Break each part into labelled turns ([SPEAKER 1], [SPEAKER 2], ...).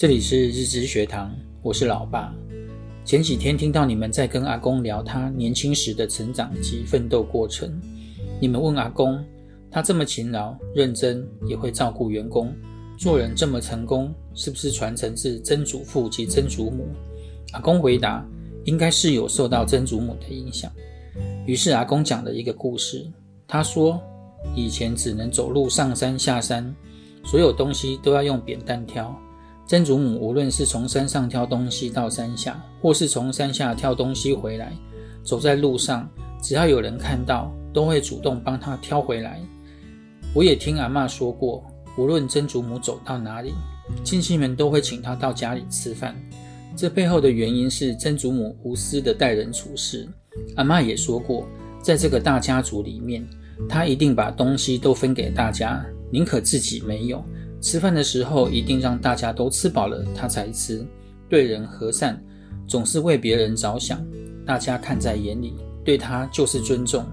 [SPEAKER 1] 這裡是日知學堂，我是老爸。前幾天聽到你們在跟阿公聊他年輕時的成長及奮鬥過程，你們問阿公，他這麼勤勞、認真，也會照顧員工，做人這麼成功，是不是傳承自曾祖父及曾祖母？阿公回答，應該是有受到曾祖母的影響。於是阿公講了一個故事，他說，以前只能走路上山下山，所有東西都要用扁擔挑。曾祖母無論是從山上挑東西到山下，或是從山下挑東西回來，走在路上，只要有人看到，都會主動幫她挑回來。我也聽阿嬤說過，無論曾祖母走到哪裡，親戚們都會請她到家裡吃飯。這背後的原因是曾祖母無私的待人處事。阿嬤也說過，在這個大家族裡面，她一定把東西都分給大家，寧可自己沒有。吃飯的時候，一定讓大家都吃飽了，他才吃。對人和善，總是為別人着想，大家看在眼裡，對他就是尊重。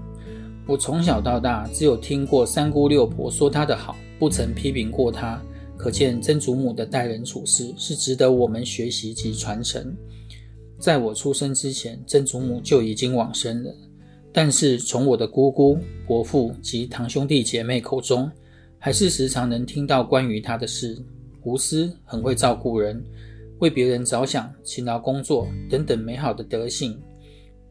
[SPEAKER 1] 我從小到大，只有聽過三姑六婆說他的好，不曾批評過他。可見曾祖母的待人處事是值得我們學習及傳承。在我出生之前，曾祖母就已經往生了，但是從我的姑姑、伯父及堂兄弟姐妹口中，還是時常能聽到關於她的事，無私、很會照顧人、為別人着想、勤勞工作等等美好的德行。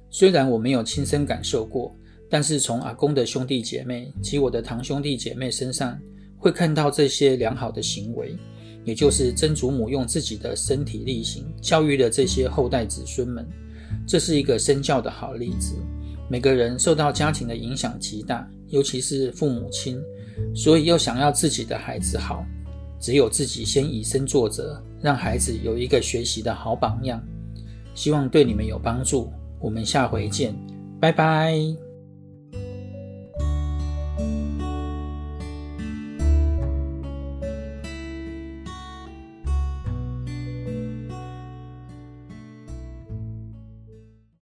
[SPEAKER 1] 雖然我沒有親身感受過，但是從阿公的兄弟姐妹及我的堂兄弟姐妹身上，會看到這些良好的行為，也就是曾祖母用自己的身體力行教育了這些後代子孫們。這是一個身教的好例子。每個人受到家庭的影響極大，尤其是父母親，所以要想要自己的孩子好，只有自己先以身作則，讓孩子有一個學習的好榜樣。希望對你們有幫助，我們下回見，拜拜。